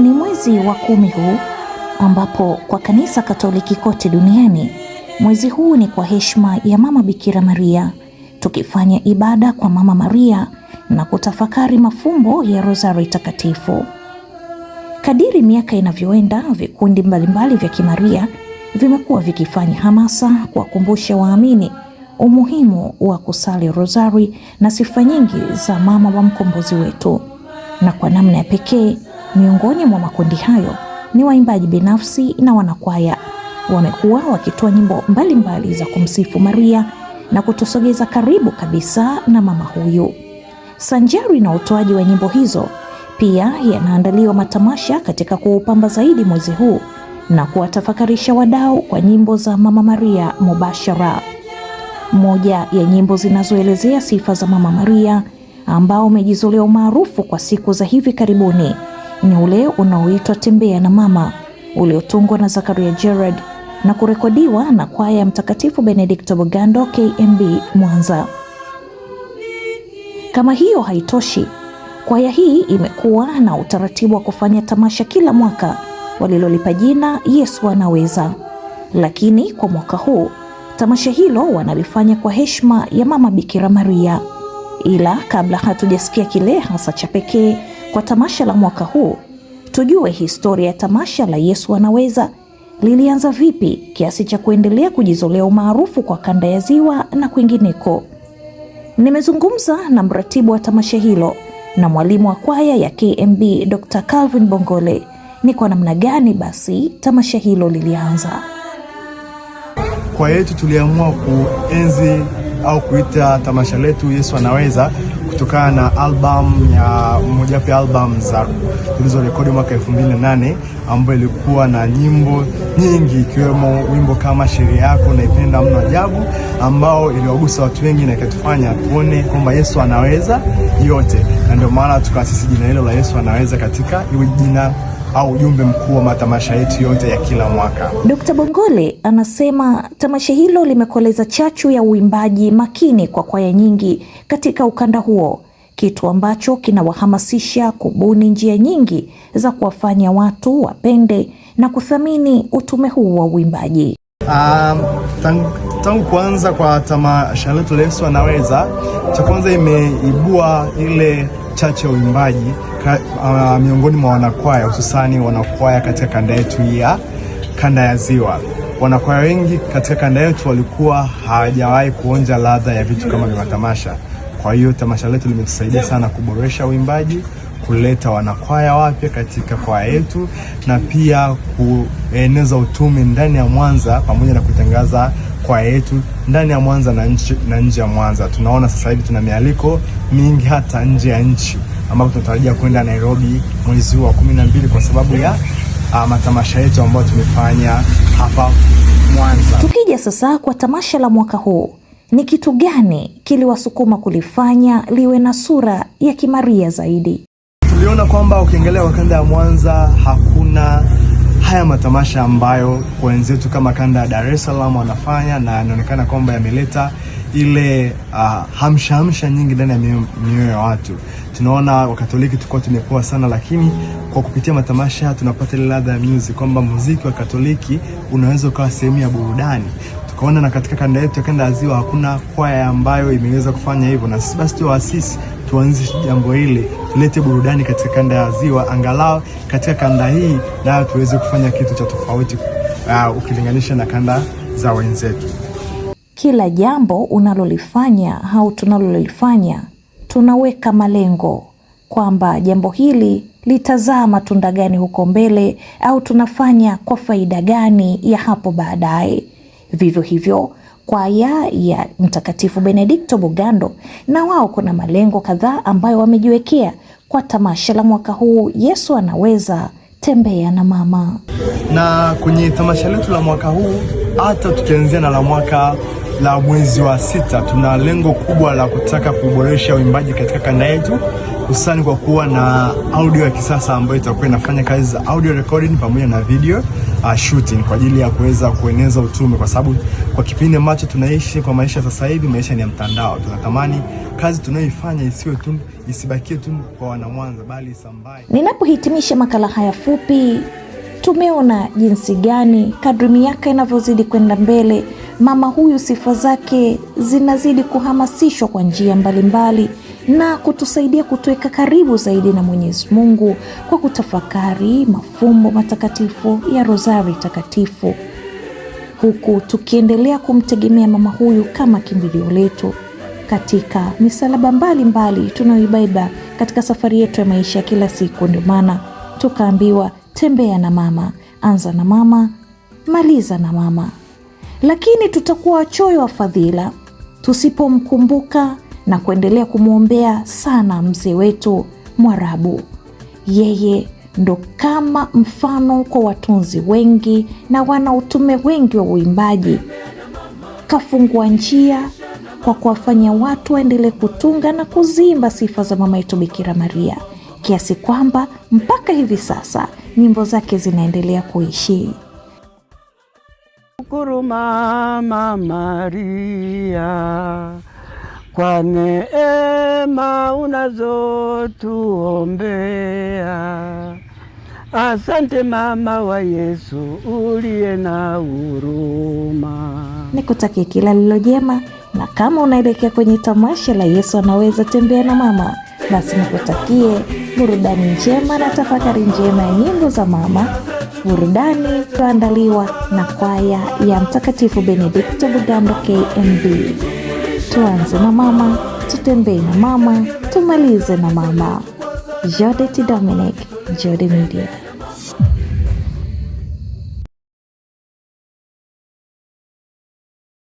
Ni mwezi wa kumi huu ambapo kwa kanisa Katoliki kote duniani mwezi huu ni kwa heshima ya Mama Bikira Maria, tukifanya ibada kwa Mama Maria na kutafakari mafumbo ya Rozari Takatifu. Kadiri miaka inavyoenda, vikundi mbalimbali vya kimaria vimekuwa vikifanya hamasa kuwakumbusha waamini umuhimu wa kusali Rozari na sifa nyingi za mama wa mkombozi wetu, na kwa namna ya pekee Miongoni mwa makundi hayo ni waimbaji binafsi na wanakwaya. Wamekuwa wakitoa nyimbo mbalimbali za kumsifu Maria na kutusogeza karibu kabisa na mama huyu. Sanjari na utoaji wa nyimbo hizo, pia yanaandaliwa matamasha katika kuupamba zaidi mwezi huu na kuwatafakarisha wadau kwa nyimbo za Mama Maria mubashara. Moja ya nyimbo zinazoelezea sifa za Mama Maria ambao umejizolea umaarufu kwa siku za hivi karibuni ni ule unaoitwa Tembea na Mama uliotungwa na Zakaria Gerard na kurekodiwa na kwaya ya Mtakatifu Benedikto Bugando KMB Mwanza. Kama hiyo haitoshi, kwaya hii imekuwa na utaratibu wa kufanya tamasha kila mwaka walilolipa jina Yesu Anaweza, lakini kwa mwaka huu tamasha hilo wanalifanya kwa heshima ya Mama Bikira Maria. Ila kabla hatujasikia kile hasa cha pekee kwa tamasha la mwaka huu, tujue historia ya tamasha la Yesu Anaweza lilianza vipi kiasi cha kuendelea kujizolea umaarufu kwa kanda ya Ziwa na kwingineko. Nimezungumza na mratibu wa tamasha hilo na mwalimu wa kwaya ya KMB Dr. Calvin Bongole ni kwa namna gani basi tamasha hilo lilianza. Kwa yetu tuliamua kuenzi au kuita tamasha letu Yesu Anaweza kutokana na album ya mmoja wa album za zilizorekodi mwaka 2008 ambayo ilikuwa na nyimbo nyingi ikiwemo wimbo kama sheria yako naipenda mno ajabu, ambao iliwagusa watu wengi na ikatufanya tuone kwamba Yesu anaweza yote, na ndio maana tukaasisi jina hilo la Yesu anaweza katika iwe jina au ujumbe mkuu wa matamasha yetu yote ya kila mwaka. Dkt. Bongole anasema tamasha hilo limekoleza chachu ya uimbaji makini kwa kwaya nyingi katika ukanda huo, kitu ambacho kinawahamasisha kubuni njia nyingi za kuwafanya watu wapende na kuthamini utume huu wa uimbaji. Um, ah, tangu, tangu kuanza kwa tamasha letu Yesu Anaweza, cha kwanza imeibua ile wachache ya uimbaji uh, miongoni mwa wanakwaya hususani wanakwaya katika kanda yetu ya kanda ya Ziwa. Wanakwaya wengi katika kanda yetu walikuwa hawajawahi kuonja ladha ya vitu kama vya matamasha. Kwa hiyo tamasha letu limetusaidia sana kuboresha uimbaji, kuleta wanakwaya wapya katika kwaya yetu na pia kueneza utume ndani ya Mwanza pamoja na kutangaza kwaya yetu ndani ya Mwanza na nje na nje ya Mwanza. Tunaona sasa hivi tuna mialiko mingi hata nje ya nchi, ambapo tunatarajia kwenda Nairobi mwezi wa kumi na mbili kwa sababu ya uh, matamasha yetu ambayo tumefanya hapa Mwanza. Tukija sasa kwa tamasha la mwaka huu, ni kitu gani kiliwasukuma kulifanya liwe na sura ya kimaria zaidi? Tuliona kwamba ukiangalia kwa kanda ya Mwanza hakuna haya matamasha ambayo wenzetu kama kanda ya Dar es Salaam wanafanya na yanaonekana kwamba yameleta ile uh, ah, hamshahamsha nyingi ndani ya mioyo ya watu. Tunaona Wakatoliki tulikuwa tumekuwa sana, lakini kwa kupitia matamasha tunapata ile ladha ya music, kwamba muziki wa Katoliki unaweza ukawa sehemu ya burudani tukaona na katika kanda yetu ya kanda ya Ziwa hakuna kwaya ambayo imeweza kufanya hivyo, na sisi basi tuwaasisi tuanze jambo hili, tulete burudani katika kanda ya Ziwa, angalau katika kanda hii na tuweze kufanya kitu cha tofauti uh, ukilinganisha na kanda za wenzetu. Kila jambo unalolifanya au tunalolifanya tunaweka malengo kwamba jambo hili litazaa matunda gani huko mbele, au tunafanya kwa faida gani ya hapo baadaye. Vivyo hivyo kwaya ya Mtakatifu Benedikto Bugando, na wao kuna malengo kadhaa ambayo wamejiwekea kwa tamasha la mwaka huu Yesu Anaweza Tembea na Mama. Na kwenye tamasha letu la mwaka huu hata tukianzia na la mwaka la mwezi wa sita, tuna lengo kubwa la kutaka kuboresha uimbaji katika kanda yetu, hususani kwa kuwa na audio ya kisasa ambayo itakuwa inafanya kazi za audio recording pamoja na video uh, shooting kwa ajili ya kuweza kueneza utume, kwa sababu kwa kipindi ambacho tunaishi kwa maisha sasa hivi, maisha ni ya mtandao. Tunatamani kazi tunayoifanya isiwe tu isibakie tu kwa wanamwanza, bali isambae. Ninapohitimisha makala haya fupi, tumeona jinsi gani kadri miaka inavyozidi kwenda mbele mama huyu sifa zake zinazidi kuhamasishwa kwa njia mbalimbali na kutusaidia kutuweka karibu zaidi na Mwenyezi Mungu kwa kutafakari mafumbo matakatifu ya Rozari Takatifu, huku tukiendelea kumtegemea mama huyu kama kimbilio letu katika misalaba mbalimbali tunayoibaiba katika safari yetu ya maisha ya kila siku. Ndio maana tukaambiwa tembea na mama, anza na mama, maliza na mama lakini tutakuwa wachoyo wa fadhila tusipomkumbuka na kuendelea kumwombea sana mzee wetu Mwarabu. Yeye ndo kama mfano kwa watunzi wengi na wanautume wengi wa uimbaji. Kafungua njia kwa kuwafanya watu waendelee kutunga na kuzimba sifa za mama yetu Bikira Maria, kiasi kwamba mpaka hivi sasa nyimbo zake zinaendelea kuishi. Shukuru Mama Maria kwa neema unazotuombea. Asante mama wa Yesu uliye na huruma. Nikutakie kila lilo jema, na kama unaelekea kwenye tamasha la Yesu anaweza tembea na mama, basi nikutakie burudani njema na tafakari njema ya nyimbo za mama burudani iliyoandaliwa na kwaya ya Mtakatifu Benedikto bugando KMB. Tuanze na mama, tutembee na mama, tumalize na mama. jodet Dominic, Jode Media.